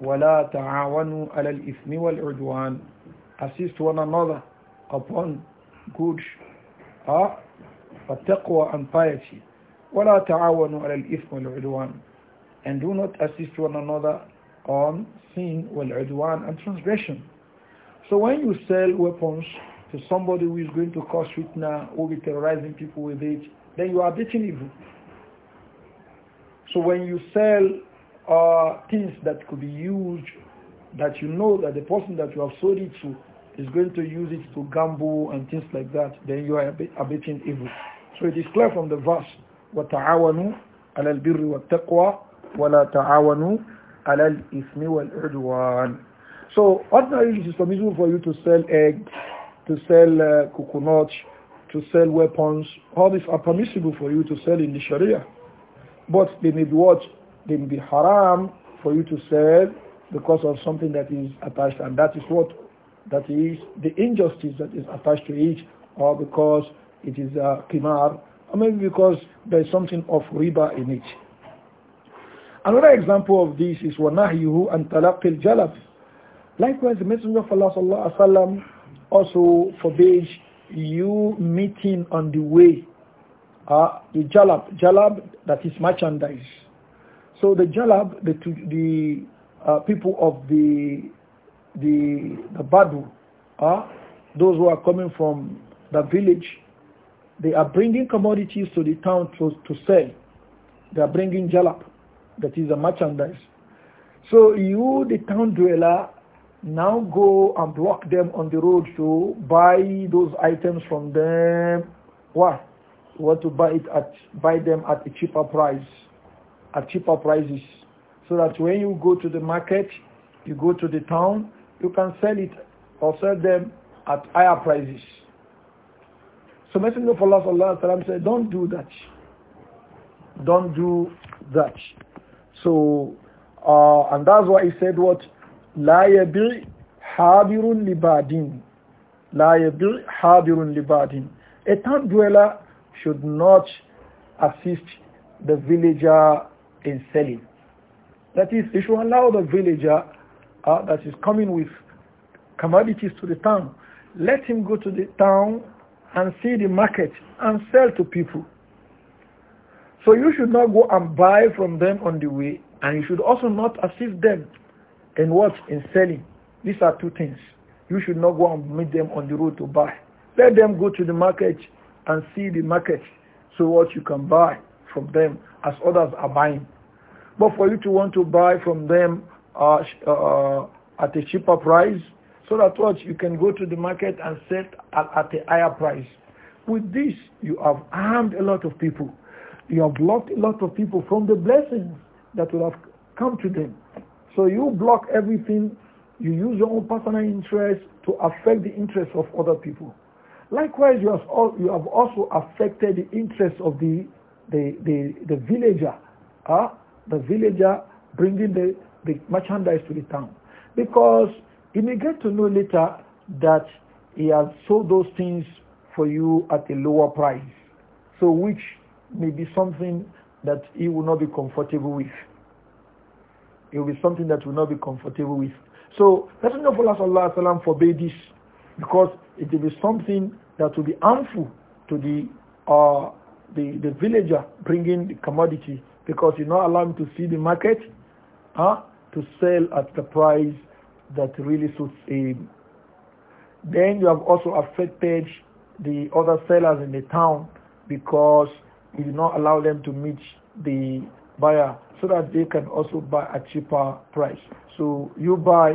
وَلَا تَعَوَنُوا عَلَى الْإِثْمِ وَالْعُدْوَانِ Assist one another upon good uh, uh taqwa and piety. وَلَا تَعَوَنُوا عَلَى الْإِثْمِ وَالْعُدْوَانِ And do not assist one another on sin, wal-udwan, and transgression. So when you sell weapons to somebody who is going to cause fitna, who be terrorizing people with it, then you are dating evil. So when you sell uh, things that could be used, that you know that the person that you have sold it to is going to use it to gamble and things like that, then you are abetting evil. So it is clear from the verse, وَتَعَاوَنُوا عَلَى الْبِرِّ وَالتَّقْوَى وَلَا تَعَاوَنُوا عَلَى الْإِثْمِ وَالْعُدْوَانِ So ordinarily it is permissible for you to sell eggs, to sell uh, coconuts, to sell weapons. All these are permissible for you to sell in the Sharia. But they may be what? They may be haram for you to sell because of something that is attached. And that is what? That is the injustice that is attached to it or because it is a uh, qimar or maybe because there is something of riba in it. Another example of this is وَنَهْيُهُ and تَلَقِّ Jalab. Likewise, the Messenger of Allah sallallahu alaihi wasallam also forbids you meeting on the way uh, the jalab, jalab that is merchandise. So the jalab, the, the uh, people of the the the Badu, uh, those who are coming from the village, they are bringing commodities to the town to, to sell. They are bringing jalab, that is a merchandise. So you, the town dweller, now go and block them on the road to buy those items from them. Why? want to buy it at buy them at a cheaper price, at cheaper prices, so that when you go to the market, you go to the town, you can sell it or sell them at higher prices. So Messenger of Allah sallallahu alaihi said, don't do that. Don't do that. So, uh, and that's why he said what? لا habirun libadin, لبادين habirun libadin." حابر لبادين A town dweller should not assist the villager in selling. That is, you should allow the villager uh, that is coming with commodities to the town. Let him go to the town and see the market and sell to people. So you should not go and buy from them on the way, and you should also not assist them in what? In selling. These are two things. You should not go and meet them on the road to buy. Let them go to the market and see the market, so what you can buy from them as others are buying. But for you to want to buy from them uh, uh, uh, at a cheaper price, so that what you can go to the market and sell at, at a higher price. With this, you have harmed a lot of people. You have blocked a lot of people from the blessings that would have come to them. So you block everything. You use your own personal interest to affect the interests of other people. Likewise, you have, also affected the interests of the, the, the, the villager, uh, the villager bringing the, the merchandise to the town. Because he may get to know later that he has sold those things for you at a lower price, so which may be something that he will not be comfortable with. It will be something that will not be comfortable with. So Messenger of Allah forbade this because it will be something that will be harmful to the uh, the, the villager bringing the commodity because you not allow him to see the market huh, to sell at the price that really suits him. Then you have also affected the other sellers in the town because you do not allow them to meet the buyer so that they can also buy a cheaper price. So you buy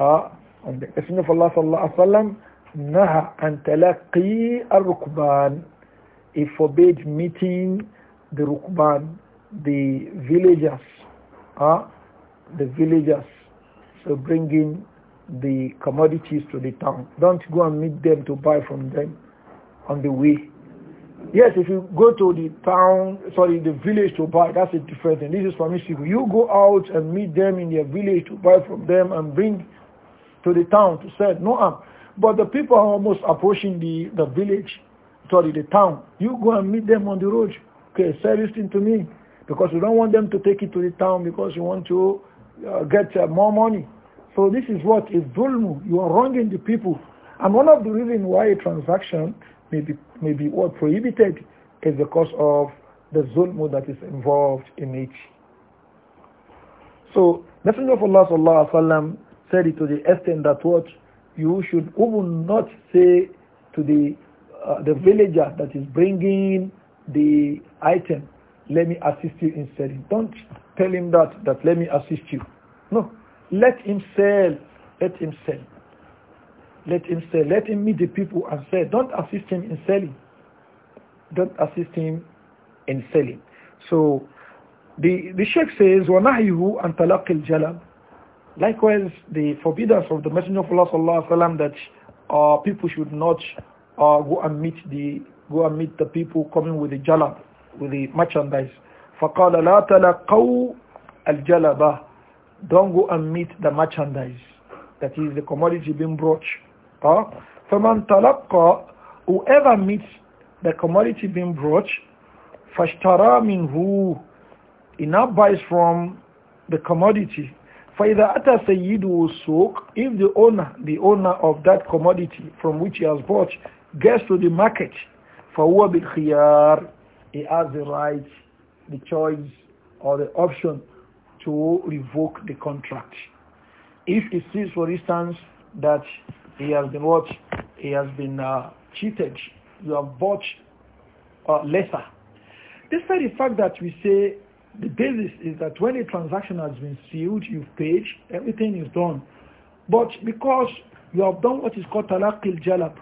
uh, and the Messenger of Allah sallallahu alaihi wasallam نهى عن تلقي rukban, it forbade meeting the Rukban, the villagers, huh? the villagers, so bringing the commodities to the town. Don't go and meet them to buy from them on the way. Yes, if you go to the town, sorry, the village to buy, that's a different thing. This is permissible. You go out and meet them in your village to buy from them and bring to the town to sell. No harm. But the people are almost approaching the, the village, sorry, the town. You go and meet them on the road. Okay, say this thing to me because you don't want them to take it to the town because you want to uh, get uh, more money. So this is what is zulmu. You are wronging the people. And one of the reasons why a transaction may be, may be what prohibited is because of the zulmu that is involved in it. So Messenger of Allah sallallahu alaihi wasallam said it to the extent that what you should even not say to the uh, the villager that is bringing the item, let me assist you in selling. Don't tell him that, that let me assist you. No, let him sell, let him sell. Let him sell, let him meet the people and sell. Don't assist him in selling. Don't assist him in selling. So the, the Sheikh says, وَنَحْيُهُ أَنْ تَلَقِي الْجَلَبِ Likewise, the forbiddance of the Messenger of Allah sallallahu alaihi wasallam that uh, people should not uh, go and meet the go and meet the people coming with the jalab, with the merchandise. فَقَالَ لَا تَلَقَوْا الْجَلَبَةِ Don't go and meet the merchandise. That is the commodity being brought. Huh? فَمَنْ تَلَقَّى Whoever meets the commodity being brought, فَاشْتَرَى مِنْهُ He now buys from the commodity. فَإِذَا أَتَى سَيِّدُهُ السُّوقَ If the owner, the owner of that commodity from which he has bought gets to the market, فَهُوَ بِالْخِيَارِ He has the right, the choice, or the option to revoke the contract. If he sees, for instance, that he has been what? He has been uh, cheated. You have bought uh, lesser. Despite the fact that we say the basis is that when a transaction has been sealed, you've paid, everything is done. But because you have done what is called talaqil jalab,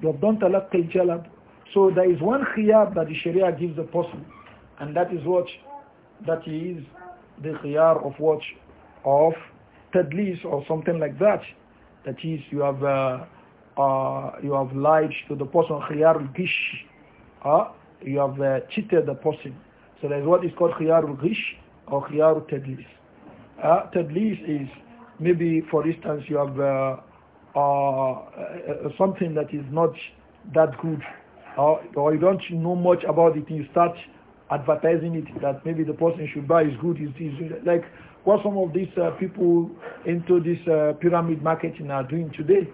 you have done talaqil jalab, so there is one khiyab that the Sharia gives the person, and that is what? That is the khiyar of what? Of tadlis or something like that. That is, you have uh, uh, you have lied to the person, khiyar gish, uh, you have uh, cheated the person. So there's what is called khiyarul ghish or khiyarul tadlis. Uh, tadlis is maybe, for instance, you have uh, uh, uh, uh something that is not that good or you don't know much about it you start advertising it that maybe the person should buy is good is like what some of these uh, people into this pyramid marketing are doing today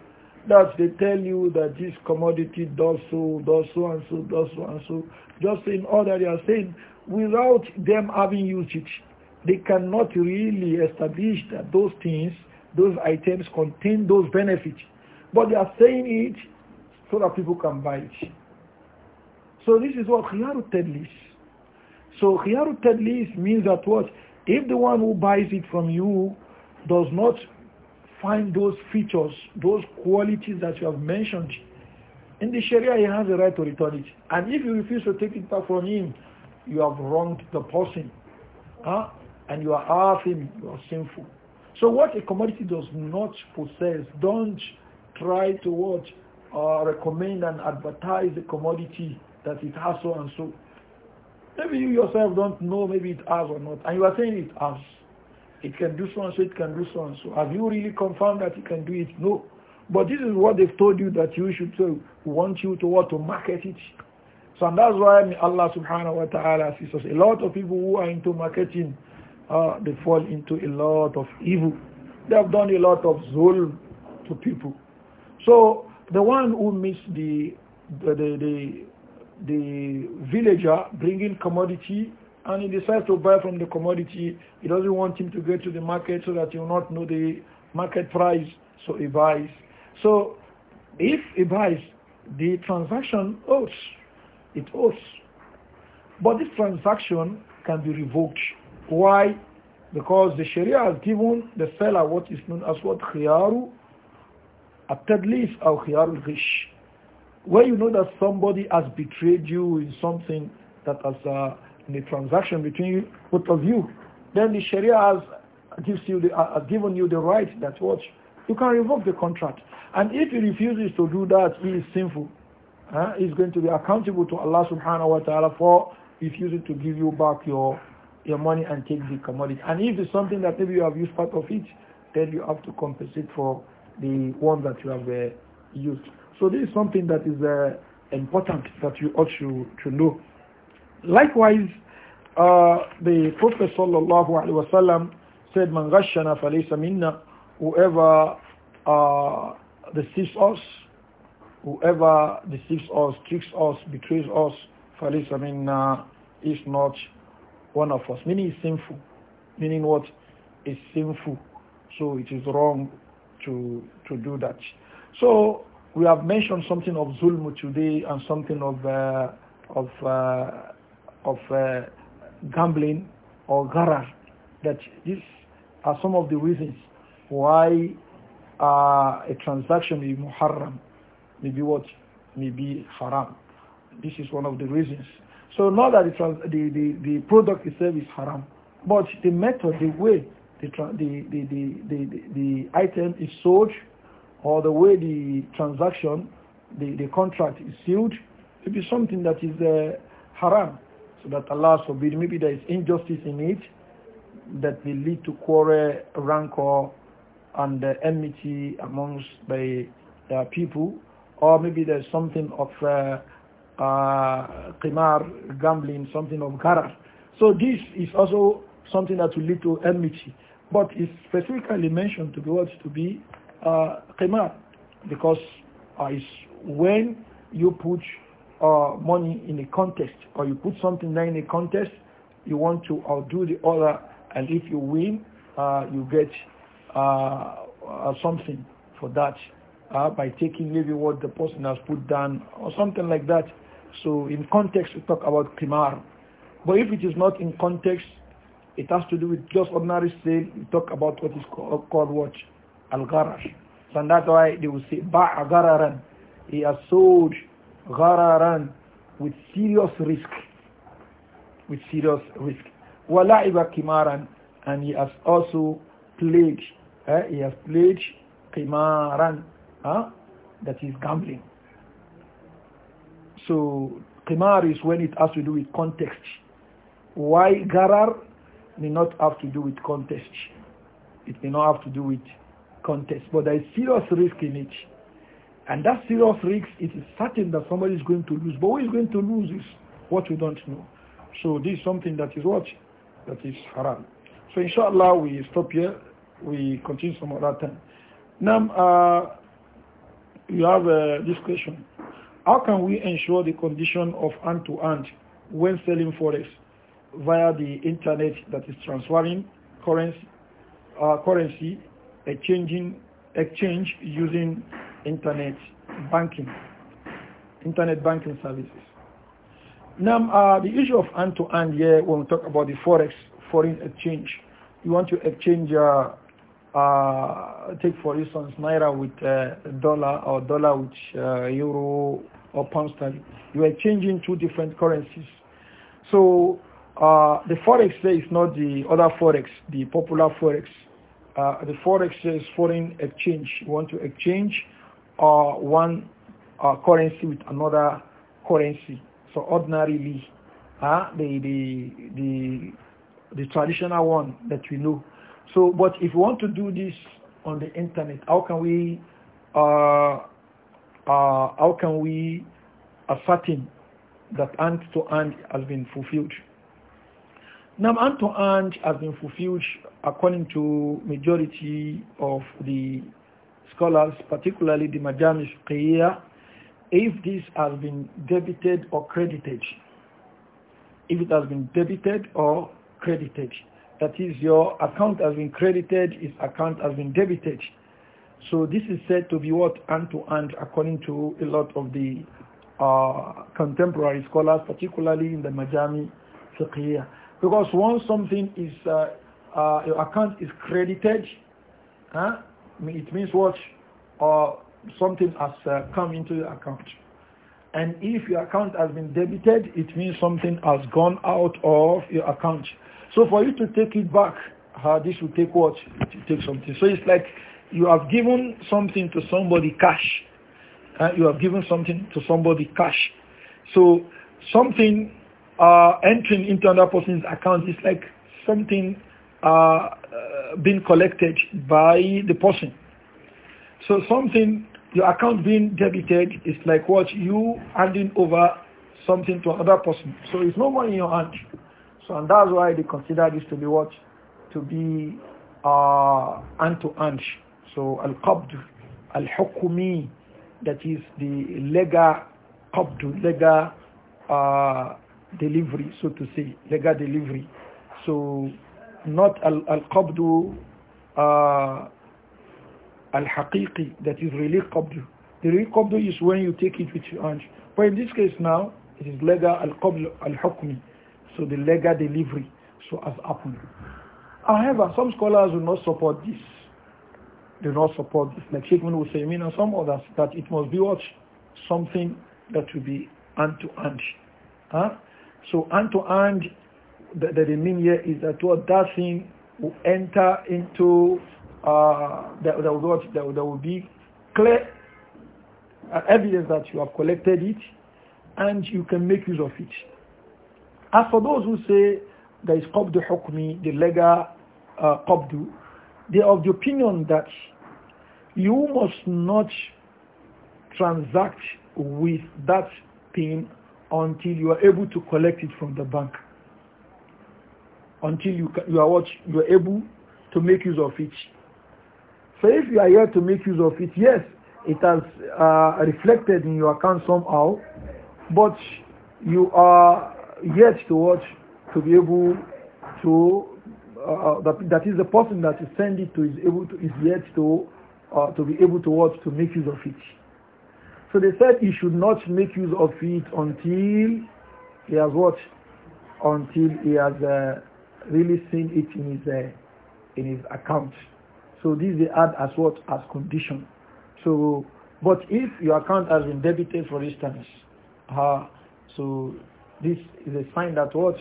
that they tell you that this commodity does so, does so and so, does so and so. Just in all that they are saying, without them having usage, they cannot really establish that those things, those items contain those benefits. But they are saying it so that people can buy it. So this is what khiyaru tadlis. So khiyaru tadlis means that what? If the one who buys it from you does not find those features, those qualities that you have mentioned, in the Sharia he has the right to return it. And if you refuse to take it back from him, you have wronged the person. Huh? And you are him, you are sinful. So what a commodity does not possess, don't try to watch or uh, recommend and advertise a commodity that it has so and so. Maybe you yourself don't know maybe it has or not. And you are saying it has. It can do so and so, it can do so and so. Have you really confirmed that it can do it? No. But this is what they've told you that you should uh, want you to what to market it. So and that's why Allah subhanahu wa ta'ala says us. A lot of people who are into marketing, uh, they fall into a lot of evil. They have done a lot of zulm to people. So the one who meets the, the, the, the, the villager bringing commodity and he decides to buy from the commodity, he doesn't want him to go to the market so that he will not know the market price, so he buys. So if he buys, the transaction holds. Oh, it owes. But this transaction can be revoked. Why? Because the Sharia has given the seller what is known as what khiyaru a tadlis or khiyaru al Where you know that somebody has betrayed you in something that has uh, in a transaction between you, both of you, then the Sharia has gives you the, uh, given you the right that what you can revoke the contract. And if he refuses to do that, he is sinful uh, is going to be accountable to Allah subhanahu wa ta'ala for refusing to give you back your your money and take the commodity. And if it's something that maybe you have used part of it, then you have to compensate for the one that you have uh, used. So this is something that is uh, important that you ought to, to know. Likewise, uh, the Prophet sallallahu alaihi wasallam said, "Man ghashana minna." Whoever deceives uh, us whoever deceives us, tricks us, betrays us, falis, I mean, uh, is not one of us. Meaning it's sinful. Meaning what is sinful. So it is wrong to, to do that. So we have mentioned something of zulm today and something of, uh, of, uh, of uh, gambling or gharar. That these are some of the reasons why uh, a transaction is muharram Maybe what? May be haram. This is one of the reasons. So not that the, the, the, product itself is haram, but the method, the way the, the, the, the, the, item is sold or the way the transaction, the, the contract is sealed, it be something that is uh, haram. So that Allah forbid, maybe there is injustice in it that will lead to quarrel, rancor, and uh, enmity amongst the, uh, the people or maybe there's something of uh, uh, qimar, gambling, something of garar. So this is also something that will lead to enmity. But it's specifically mentioned to be what? To be uh, qimar. Because uh, it's when you put uh, money in a contest or you put something there in a contest, you want to outdo the other and if you win, uh, you get uh, uh something for that uh, by taking maybe what the person has put down or something like that. So in context, we talk about qimar. But if it is not in context, it has to do with just ordinary sale. We talk about what is called, called what? al So and that's why they will say, ba'a ghararan. He has sold ghararan with serious risk. With serious risk. Wala'iba kimaran. And he has also played. Eh? He has played kimaran huh? that is gambling. So qimar is when it has to do with context. Why garar may not have to do with context. It may not have to do with context, but there is serious risk in it. And that serious risk, it is certain that somebody is going to lose. But who is going to lose is what we don't know. So this is something that is what? That is haram. So inshallah we stop here. We continue some other time. Now, uh, you have uh, this question. How can we ensure the condition of hand-to-hand -hand when selling forex via the internet that is transferring currency, uh, currency exchanging, exchange using internet banking, internet banking services? Now, uh, the issue of hand-to-hand -hand here, when we talk about the forex, foreign exchange, you want to exchange uh, uh, take for instance naira with uh, dollar or dollar with uh, euro or pound sterling. You are changing two different currencies. So uh, the forex there is not the other forex, the popular forex. Uh, the forex is foreign exchange. You want to exchange uh, one currency with another currency. So ordinarily, uh, the, the the the traditional one that we know so, but if we want to do this on the internet, how can we, uh, uh, how can we ascertain that hand to hand has been fulfilled? Now, hand to hand has been fulfilled according to majority of the scholars, particularly the Majamis Qiyya, if this has been debited or credited. If it has been debited or credited. That is, your account has been credited, his account has been debited. So this is said to be what hand to hand according to a lot of the uh, contemporary scholars, particularly in the Majami Fiqhiyya. Because once something is, uh, uh, your account is credited, huh, it means what? Or something has uh, come into your account. And if your account has been debited, it means something has gone out of your account. So for you to take it back, uh, this will take what? It will take something. So it's like you have given something to somebody cash. Uh, you have given something to somebody cash. So something uh, entering into another person's account is like something uh, uh, being collected by the person. So something, your account being debited is like what you handing over something to another person. So it's no money in your hand. So and that's why they consider this to be what? To be uh, hand to hand. So al-qabd, al-hukumi, that is the legal qabd, legal uh, delivery, so to say, legal delivery. So not al-qabdu al uh, al-haqiqi, that is really qabdu. The real qabdu is when you take it with your hand. But in this case now, it is legal al-qabdu al-hukmi. So the legal delivery so has happened. However, some scholars will not support this. will not support this. Like Sheikh Munu Usaymin and some others, that it must be what? Something that will be hand to hand. Huh? So hand to hand, that the, the mean here is that what that thing will enter into uh, that, that, will, that, that will be clear uh, evidence that you have collected it and you can make use of it. As for those who say there is qabdu hukmi, the legal uh, they are of the opinion that you must not transact with that thing until you are able to collect it from the bank. Until you, you are what, you are able to make use of it. So if you are here to make use of it, yes, it has uh, reflected in your account somehow, but you are yet to watch, to be able to, uh, uh that, that is the person that is send it to is able to, is yet to, uh, to be able to watch, to make use of it. So they said he should not make use of it until he has watched, until he has uh, really seen it in his, uh, in his account. So this they add as what? As condition. So, but if your account has been debited, for instance, uh, so this is a sign that what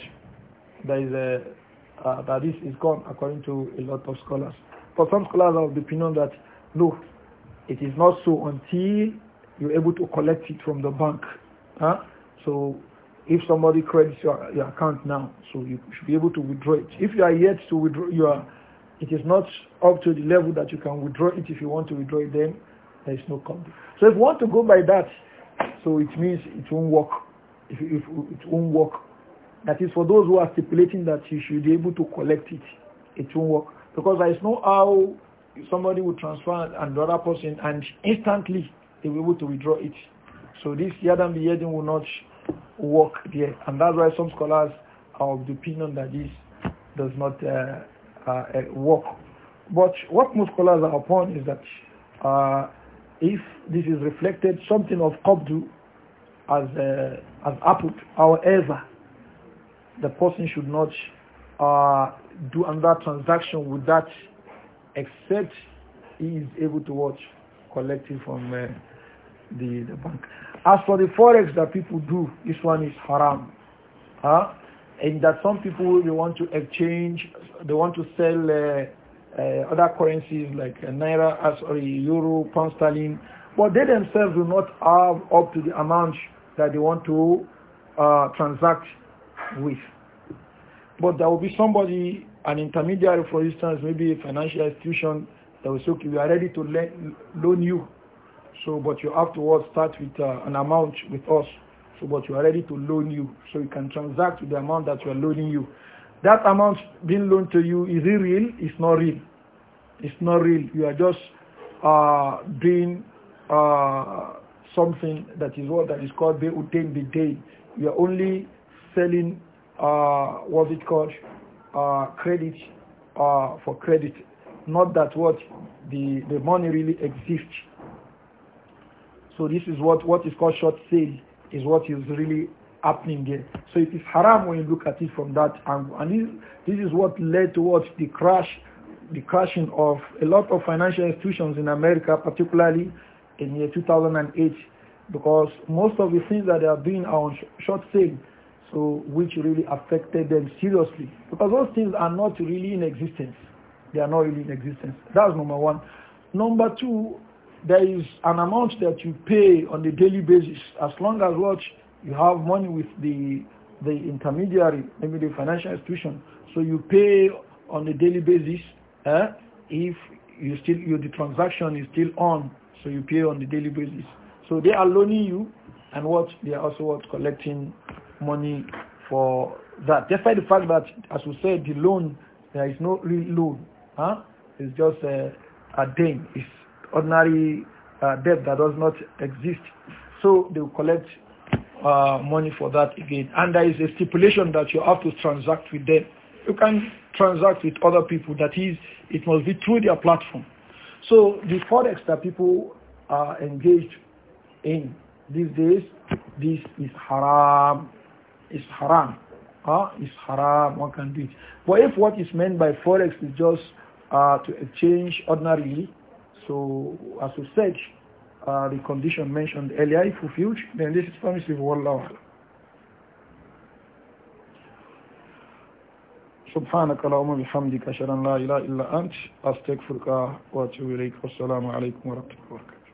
there is a uh, that this is gone according to a lot of scholars. But some scholars are of the opinion that no, it is not so until you're able to collect it from the bank. Huh? So if somebody credits your, your account now, so you should be able to withdraw it. If you are yet to withdraw, your, it is not up to the level that you can withdraw it. If you want to withdraw it, then there is no conflict. So if you want to go by that, so it means it won't work if, if it won't work. That is for those who are stipulating that you should be able to collect it. It won't work. Because there is no how somebody will transfer another person and instantly they will be able to withdraw it. So this Yadam yadam will not work there. And that's why some scholars are of the opinion that this does not uh, uh, uh work. But what most scholars are upon is that uh, if this is reflected, something of kabdu. As uh, as happened. However, the person should not uh, do another transaction with that except he is able to watch collecting from uh, the, the bank. As for the forex that people do, this one is haram. Huh? And that some people, they want to exchange, they want to sell uh, uh, other currencies like uh, Naira, uh, sorry, Euro, Pound Sterling, but they themselves will not have up to the amount that they want to uh, transact with. But there will be somebody, an intermediary, for instance, maybe a financial institution that will say, okay, we are ready to loan you. So, but you afterwards start with uh, an amount with us. So, but you are ready to loan you. So you can transact with the amount that we are loaning you. That amount being loaned to you, is it real? It's not real. It's not real. You are just uh, uh, something that is what that is called the Biday. You are only selling uh, what's it called uh, credit uh, for credit. Not that what the the money really exists. So this is what what is called short sale is what is really happening here. So it is haram when you look at it from that angle. And this, this is what led towards the crash, the crashing of a lot of financial institutions in America, particularly in year 2008 because most of the things that they are doing are on sh short sale, so which really affected them seriously because those things are not really in existence. They are not really in existence. That's number one. Number two, there is an amount that you pay on a daily basis as long as what you have money with the the intermediary, maybe the financial institution. So you pay on a daily basis eh, if you still you, the transaction is still on so you pay on the daily basis. So they are loaning you and what they are also what collecting money for that. Despite the fact that, as we said, the loan, there is no real loan. Huh? It's just uh, a, a It's ordinary uh, debt that does not exist. So they will collect uh, money for that again. And there is a stipulation that you have to transact with them. You can transact with other people. That is, it must be through their platform. So the forex that people are engaged in these days, this is haram. It's haram. Huh? Ah, it's haram. One can do it. But if what is meant by forex is just uh, to exchange ordinarily, so as we said, uh, the condition mentioned earlier is fulfilled, then this is permissible. Wallahu سبحانك اللهم بحمدك أشهد أن لا إله إلا أنت أستغفرك وأتوب إليك والسلام عليكم ورحمة الله وبركاته